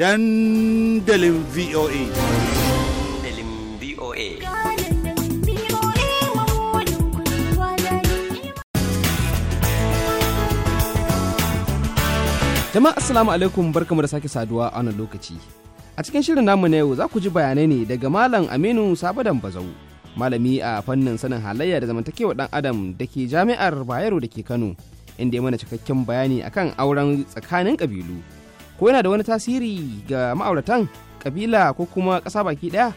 dandalin VOA. Dandalin Jama'a Assalamu alaikum barkamu da sake saduwa a wannan lokaci. A cikin shirin namu na yau za ku ji bayanai ne daga Malam Aminu Sabadan Bazau, malami a fannin sanin halayya da zamantakewa ɗan adam da ke jami'ar Bayero da ke Kano, inda ya mana cikakken bayani akan auren tsakanin ƙabilu. ko yana da wani tasiri ga ma'auratan kabila ko kuma ƙasa baki ɗaya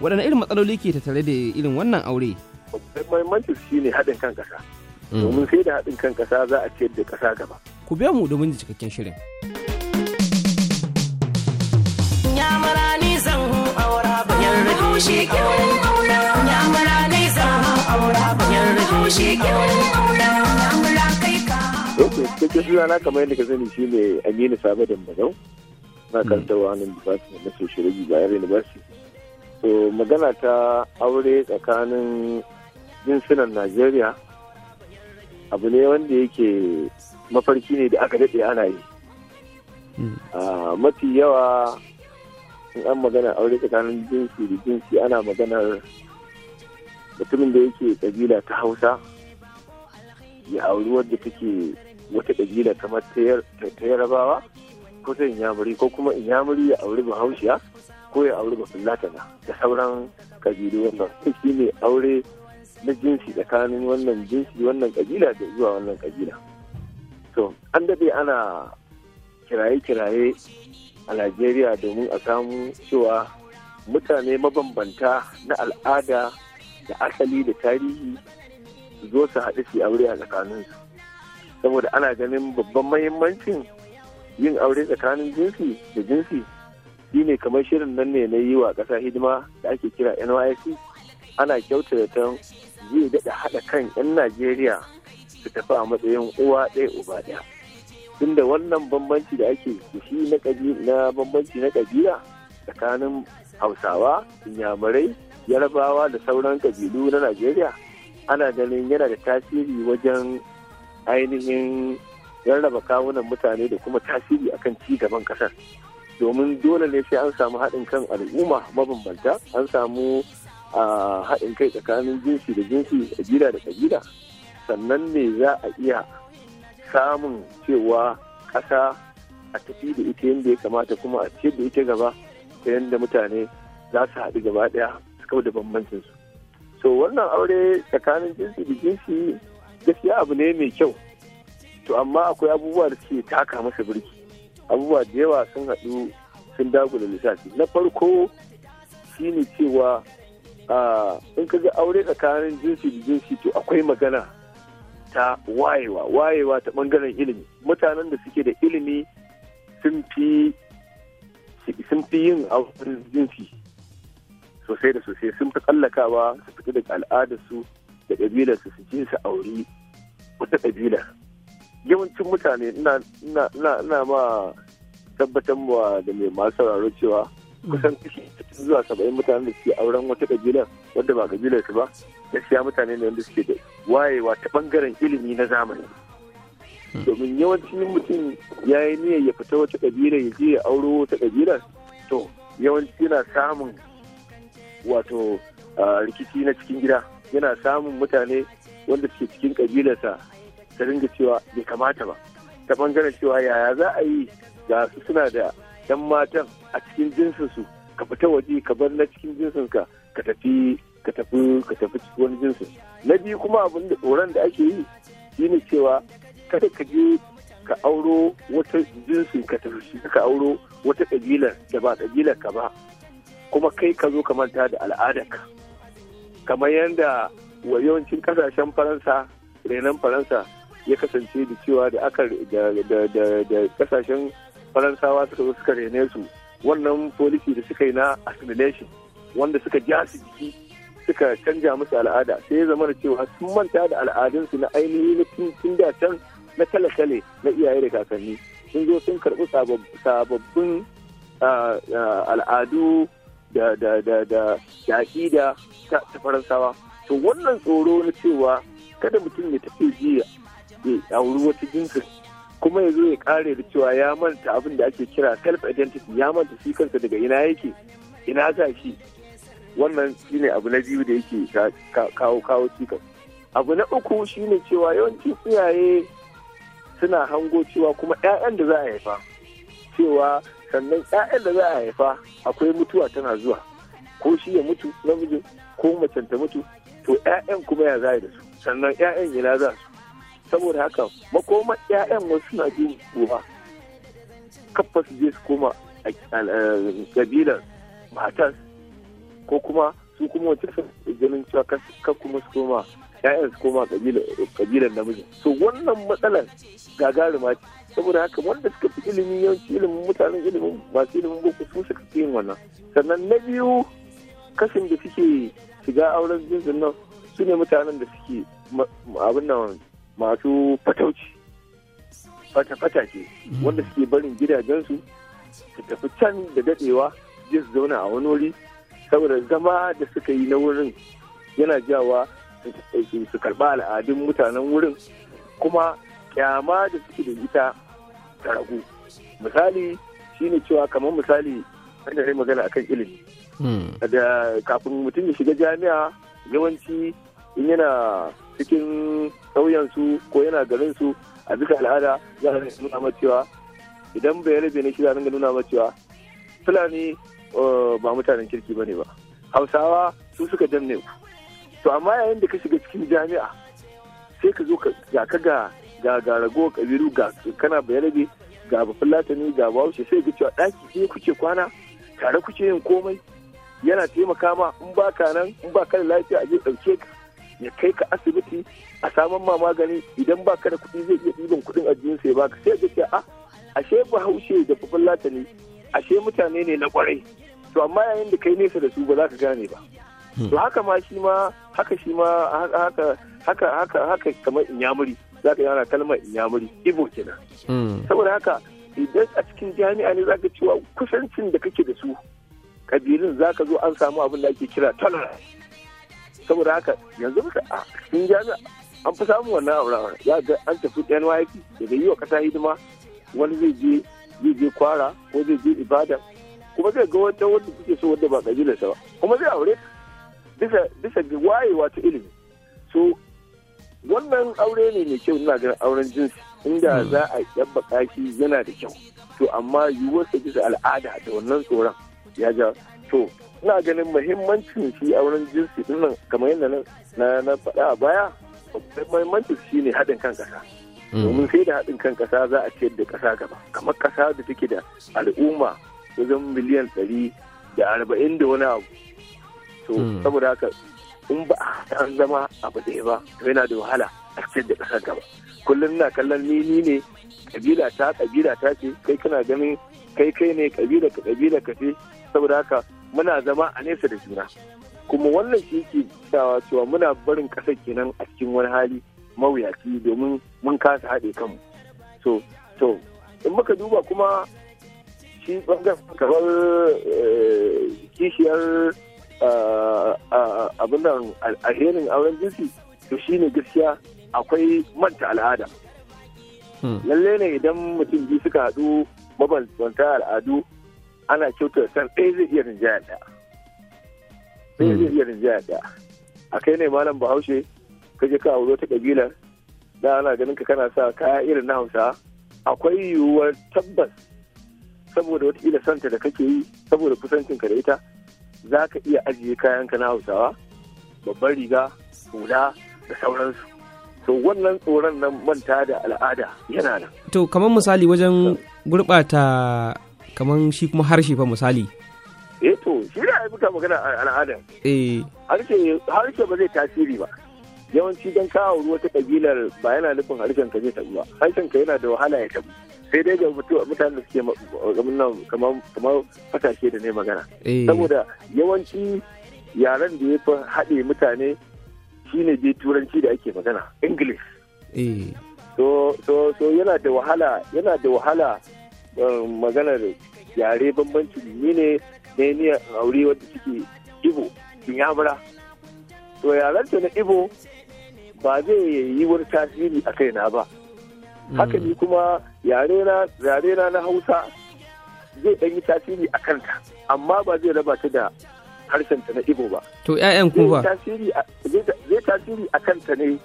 waɗanne irin matsaloli ke tattare da irin wannan aure muhimmanci shi ne haɗin kan ƙasa mm. domin sai da haɗin kan ƙasa za a ciyar da ƙasa gaba ku biya mu domin cikakken shirin Yamara ni zan aura bayan rabu shi kyau aura Yamara ni zan aura bayan rabu shi kyau aura Kake suna na kamar yadda ka sani shi ne Aminu Sabo Dambazau, makarantarwa mm. nan Department na Sociology Bayar University. To magana ta aure tsakanin jinsunan Najeriya abu ne wanda yake mafarki ne da aka daɗe ana yi. Mm. Ah, mafi yawa in an magana aure tsakanin jinsi da jinsi ana maganar mutumin da yake kabila ta Hausa. ya auri wadda take wata ɗabila kamar ta yarabawa ko ta inyamuri ko kuma inyamuri ya auri bahaushiya ko ya auri bafulatana da sauran kabilu wannan shi ne aure na jinsi tsakanin wannan jinsi wannan kabila da zuwa wannan kabila to an daɗe ana kiraye-kiraye a najeriya domin a samu cewa mutane mabambanta na al'ada da asali da tarihi su zo su haɗu su aure a tsakaninsu saboda ana ganin babban mahimmancin yin aure tsakanin jinsi da jinsi shine kamar shirin nan ne na yi wa ƙasa hidima da ake kira NYC ana kyautata zai daɗa haɗa kan 'yan Najeriya su tafi a matsayin uwa ɗaya uba ɗaya. Tunda wannan bambanci da ake da shi na bambanci na ƙabila tsakanin Hausawa, Inyamurai, Yarabawa da sauran ƙabilu na Najeriya ana ganin yana da tasiri wajen ainihin rarraba kawunan mutane da kuma tasiri akan ci gaban kasar domin dole ne sai an samu haɗin kan al'umma mabambanta an samu haɗin kai tsakanin jinsi da jinsi ƙabila da ƙabila sannan ne za a iya samun cewa ƙasa a tafi da ita yadda ya kamata kuma a ce da ita gaba ta yadda mutane za su haɗu gaba ɗaya su da bambancinsu so wannan aure tsakanin jinsi da jinsi gaskiya abu ne mai kyau to amma akwai abubuwa da suke taka masa birki abubuwa da yawa sun haɗu sun dagu da lissafi na farko shine cewa in ka ga aure tsakanin jinsi da jinsi to akwai magana ta wayewa wayewa ta ɓangaren ilimi mutanen da suke da ilimi sun fi yin auren jinsi sosai da sosai sun fi tsallakawa su fita daga al'adarsu da ƙabilarsu su je su auri wata ƙabila yawancin mutane ina ma tabbatar wa da mai masu sauraro cewa mm. kusan kashi zuwa saba'in mutane da suke auren wata ƙabila wadda ba kabilarsu su ba gaskiya mutane ne wanda suke da wayewa ta bangaren ilimi na zamani mm. domin yawancin mutum ya yi niyyar ya fita wata ƙabila ya je ya auro wata ƙabila to yawanci yana samun wato ah, rikici na cikin gida yana samun mutane wanda ke cikin kabilarsa ta ringa cewa bai kamata ba ta bangaren cewa yaya za a yi ga su suna da yan matan a cikin jinsinsu ka fita waje ka bar na cikin jinsinka ka tafi ka tafi ka tafi cikin wani jinsin na biyu kuma abin da tsoron da ake yi shine cewa kada ka je ka auro wata jinsin ka tafi shi ka auro wata kabilar da ba kabilar ka ba kuma kai ka zo ka manta da al'adarka kamar yadda wa yawancin kasashen faransa renon faransa ya kasance da cewa da aka da kasashen faransawa suka zo suka rene su wannan policy da suka yi na assimilation wanda suka ja su jiki suka canja musu al'ada sai ya zama da cewa sun manta da al'adunsu na ainihi na tun da can na tale-tale na iyaye da kakanni sun zo sun karɓi sababbin al'adu da da da da ta faransawa to wannan tsoro na cewa kada mutum ya tafi jiya ya auri wata jinsin kuma ya zo ya kare da cewa ya manta abin da ake kira self identity ya manta shi kansa daga ina yake ina za shi wannan shine abu na biyu da yake kawo kawo cikas abu na uku shine cewa yawancin iyaye suna hango cewa kuma 'ya'yan da za a haifa cewa sannan 'ya'yan da za a haifa akwai mutuwa tana zuwa ko shi ya mutu namijin ko macen ta mutu to 'ya'yan kuma ya za da su sannan 'ya'yan ina za su saboda haka makoma 'ya'yan wasu na jin uwa kafa su je su koma a kabilar matas ko kuma su kuma wacce su ganin cewa ka kuma su koma 'ya'yan su koma kabilar namiji so wannan matsalar gagarima ce saboda haka wanda suka fi ilimi yawanci ilimin mutanen ilimin masu ilimin boko su suka fi yin wannan sannan na biyu kashin da suke shiga auren jinsin nan su ne mutanen da suke abin nan masu fatauci fata-fata ce wanda suke barin gidajensu su tafi can da dadewa je su zauna a wani wuri saboda zama da suka yi na wurin yana jawa su karba al'adun mutanen wurin kuma kyama da suke da ita ta ragu misali shine cewa kamar misali wanda ne magana akan ilimi hmm. da kafin mutum ya shiga jami'a yawanci in yana cikin sauyansu ko yana garinsu a duka al'ada za a nuna ma cewa idan bai rabe ne shi za a nuna ma fulani eh, ba mutanen kirki ba ne ba hausawa su suka danne ku to amma yayin da ka shiga cikin jami'a sai ka zo ga ka ga ga ga rago kabiru ga kana bayarabe ga ba fulatani ga bahaushe sai ga cewa ɗaki ɗaya kuke kwana tare kuke yin komai yana taimaka ma in ba ka nan in ba ka da lafiya a je ɗauke ka ya kai ka asibiti a saman ma magani idan ba ka da kuɗi zai iya ɗiban kuɗin ajiyar sai baka sai ga ce a ah, ashe bahaushe da fafallata latani ashe mutane ne na kwarai to amma yayin da kai nesa da su ba za ka gane ba hmm. to haka ma shi ma haka shi ma haka haka haka haka kamar inyamuri za ka yi ana kalmar inyamuri ibo kenan hmm. saboda haka idan a cikin jami'a ne zaka cewa kusancin da kake da su kabilun zaka zo an samu abin da ake kira tolerance saboda haka yanzu muka a cikin jami'a an fi samun wannan abu ya ga an tafi NYP daga yi wa kasa hidima wani zai je zai je kwara ko zai je ibadan kuma zai ga wata wanda kuke so wanda ba kabilarsa ba kuma zai aure bisa bisa ga wayewa ta ilimi so wannan aure ne mai kyau ina ganin auren jinsi inda hmm. za a yabbaka shi yana da kyau to amma yiwuwar sa bisa al'ada da wannan tsoron ya ja to ina ganin muhimmancin shi a wurin jinsi dinnan kamar yadda na na faɗa a baya muhimmancin shi ne haɗin kan ƙasa hmm. domin sai da haɗin kan ƙasa za a ciyar da ƙasa gaba kamar ƙasa da take da al'umma wajen miliyan ɗari da arba'in da wani abu to hmm. saboda haka in ba an zama abu ɗaya ba to yana da wahala a ciyar da ƙasar gaba kullum na kallon ni ni ne kabila ta kabila ta ce kai kana ganin kai kai ne kabila ka kabila ka ce saboda haka muna zama a nesa da juna kuma wannan shi ke cewa cewa muna barin ƙasa kenan a cikin wani hali mawuyaci domin mun kasa haɗe kanmu so to in muka duba kuma shi bangaren kamar eh, kishiyar eh, abin nan alherin auren jinsi to shi ne gaskiya akwai manta al'ada hmm. lalle ne idan mutum biyu suka haɗu mabanta al'adu ana kyauta san ɗaya zai iya rinjaya ɗaya ɗaya zai hmm. iya rinjaya ɗaya a kai ne malam bahaushe ka je ka aure ta ƙabilar da ana ganin ka kana sa kaya irin na hausa akwai yiwuwar tabbas saboda wataƙila santa da kake yi saboda kusancin ka da ita za ka iya ajiye kayanka na hausawa babbar riga hula da sauransu to wannan tsoron nan manta da al'ada yana nan to kamar misali wajen gurɓata kamar shi kuma harshe fa misali eh to shi da ya buka magana al'ada eh harshe harshe ba zai tasiri ba yawanci don kawo ruwa ta kabilar ba yana nufin harshen ka zai tabu ba harshen ka yana da wahala ya tabu sai dai ga mutane da suke kamar kamar fasashe da ne magana eh. saboda yawanci yaren da ya fi haɗe mutane shi shine dai turanci da ake magana english eh. so so yana da wahala yana da wahala um, maganar yare bambanci ne ne ne aure wadda suke ibo yabura to yaranta na ibo ba zai yi wani tasiri a kaina ba hmm. haka ni kuma yare na na hausa zai ɗanyi tasiri a kanta amma ba zai raba ta da harshen ta na Igbo ba. To ƴaƴan ku ba. Zai tasiri a kanta ne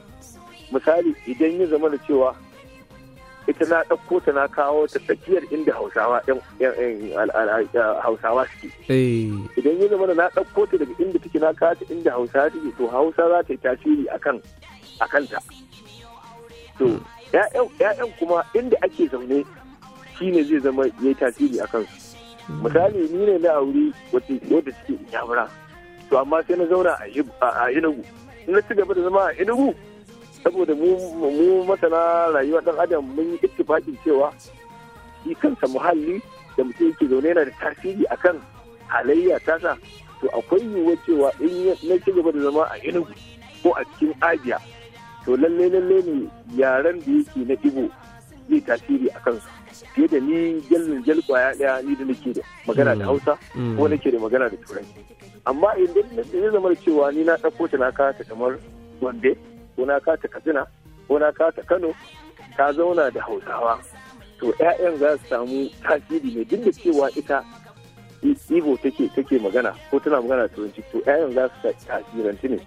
misali idan ya zama da cewa ita na ɗauko ta na kawo ta tsakiyar inda hausawa hausawa suke. Eh. Idan ya zama da na ɗauko ta daga inda take na kawo ta inda hausawa suke to hausa za ta yi tasiri akan a kanta. To ‘ya'yan hmm. kuma inda ake zaune shine zai zama ya yi tasiri a kansu. misali ni ne na aure wata wadda cikin yamura to amma sai na zauna a inugu na ci gaba da zama a inugu saboda mu masana rayuwa dan adam mun yi ittifaqin cewa shi kansa muhalli da mutum yake zaune yana da tasiri akan halayya tasa to akwai yiwuwar cewa in na ci gaba da zama a inugu ko a cikin abia to lallai lallai ne yaren da yake na ibo zai tasiri a kansu. fiye da ni jallin jal kwaya daya ni da nake da magana da mm. hausa mm. ko nake da magana da turanci amma idan tsaye zama cewa ni na ɗauko ta na kata kamar gombe ko na kata katsina ko na kata kano ta zauna da hausawa to 'ya'yan za su samu tasiri ne duk da cewa ita ibo take take magana ko tana magana da turanci to 'ya'yan za su tasirantu ne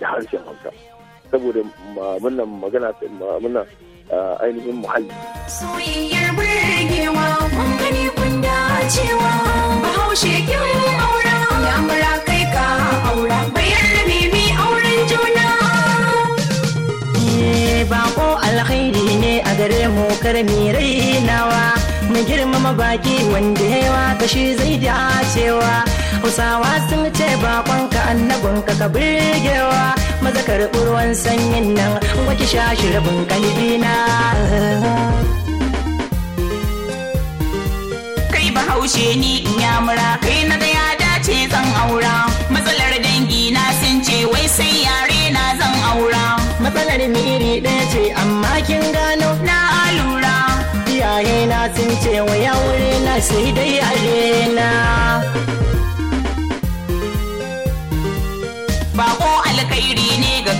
da harshen hausa saboda munnan magana munnan ainihin muhalli. Soyayyar burgewa, mun gani dacewa, bahaushe kin aura, lamura kai ka aura, bayar bibi auren juna. Eh, Baƙo alkhairi ne a gare mu karmi rainawa, mu girmama baƙi wanda yawa kashi zai dacewa. hausawa sun ce bakonka annabinka ka birgewa maza karɓi ruwan sanyin nan waki sha shi rabin kalbina kai bahaushe ni in yamura kai na ga ya dace zan aura matsalar dangi na sun ce wai sai yare na zan aura matsalar miri iri ɗaya ce amma kin gano na alura iyaye na sun ce wa ya wuri na sai dai arena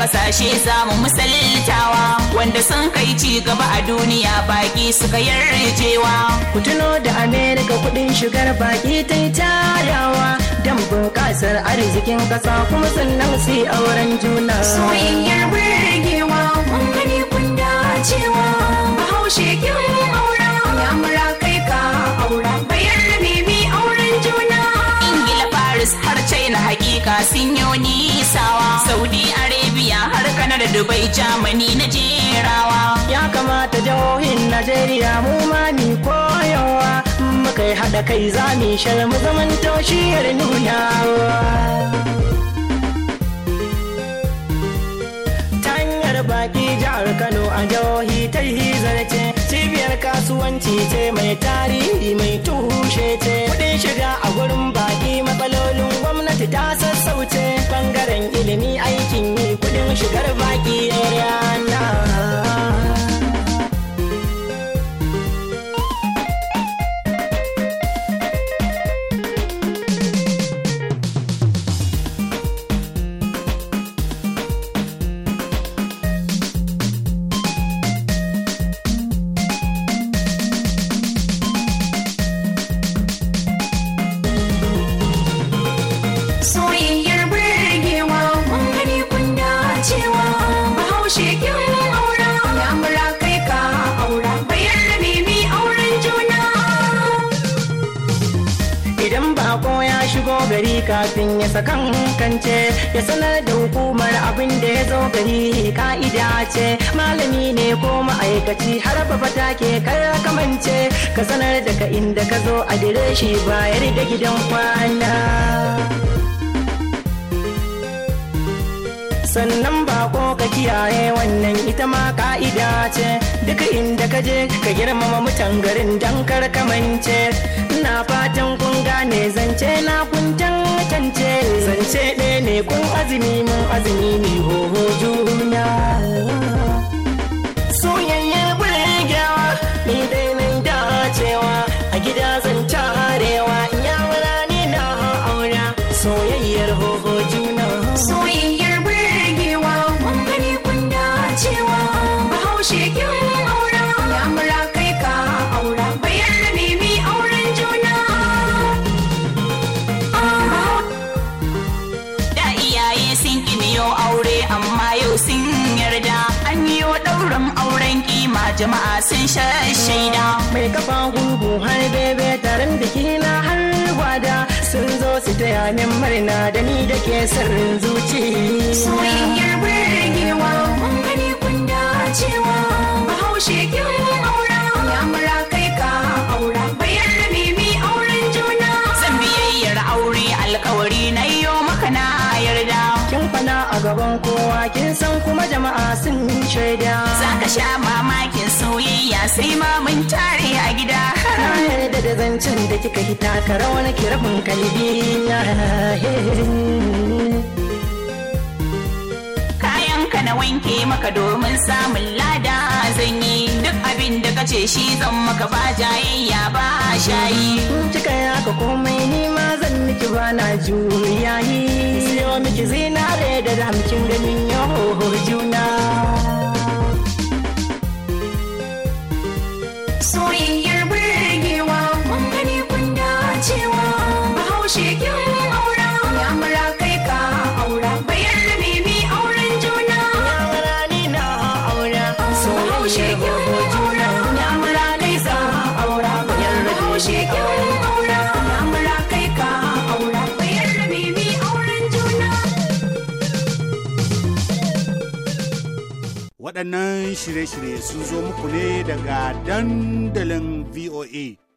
kasashe samu musaliltawa wanda sun kai ci gaba a duniya baki suka yarjewa ku tuno da Amerika kudin shigar baki ta tarawa don bunƙasar arzikin ƙasa kuma sannan su auren juna soyayyar burgewa mun gani kun dacewa bahaushe kin aura ya kai ka aura bayar auren juna ingila paris har china amurka sun yi sawa. saudi arabia har Kanada dubai germany na jerawa ya kamata jihohin najeriya mu ma mi koyowa muka yi haɗa kai za mu shar mu zaman toshiyar Tanyar baki jihar Kano a jihohi ta yi zarce cibiyar kasuwanci ce mai tarihi mai tushe ce kudin shiga a gurin baki matsalar sassauce bangaren ilimi aikin yi kudin shigar baki yana kafin ya sakan kance ya sanar da hukumar abin da ya zo gari ka'ida ce malami ne ko ma'aikaci har fata ke kar kamance ka sanar da ka inda ka zo adireshi bayar da gidan kwana. sannan ko ka kiyaye wannan ita ma ka'ida ce duk inda ka je ka girmama mutan garin dan kar ina fatan kun gane zance na kun tantance zance ɗaya ne kun azumi mun azumi ne hoho juna jama'a sun shaida. Mai kafa gugu har bebe taron biki na har gwada sun zo su taya min murna da ni da ke sirrin zuci. Soyayyar birgewa, kun gani kun dacewa, bahaushe kin aura, ya kowa kin san kuma jama'a sun shaida ka sha mamakin soyayya sai ma mun tare a gida na yarda da zancen da kika hita ka rawa na kirafin kalbi Ka na wanke maka domin samun lada zan yi duk abin da ka ce shi zan maka ba jayayya ba shayi cika ya ka komai ni ma zan miki ba na juyayi siyo miki zinare da damkin ganin yaho juna soyayyar waɗannan shirye-shirye sun zo muku ne daga dandalin VOA.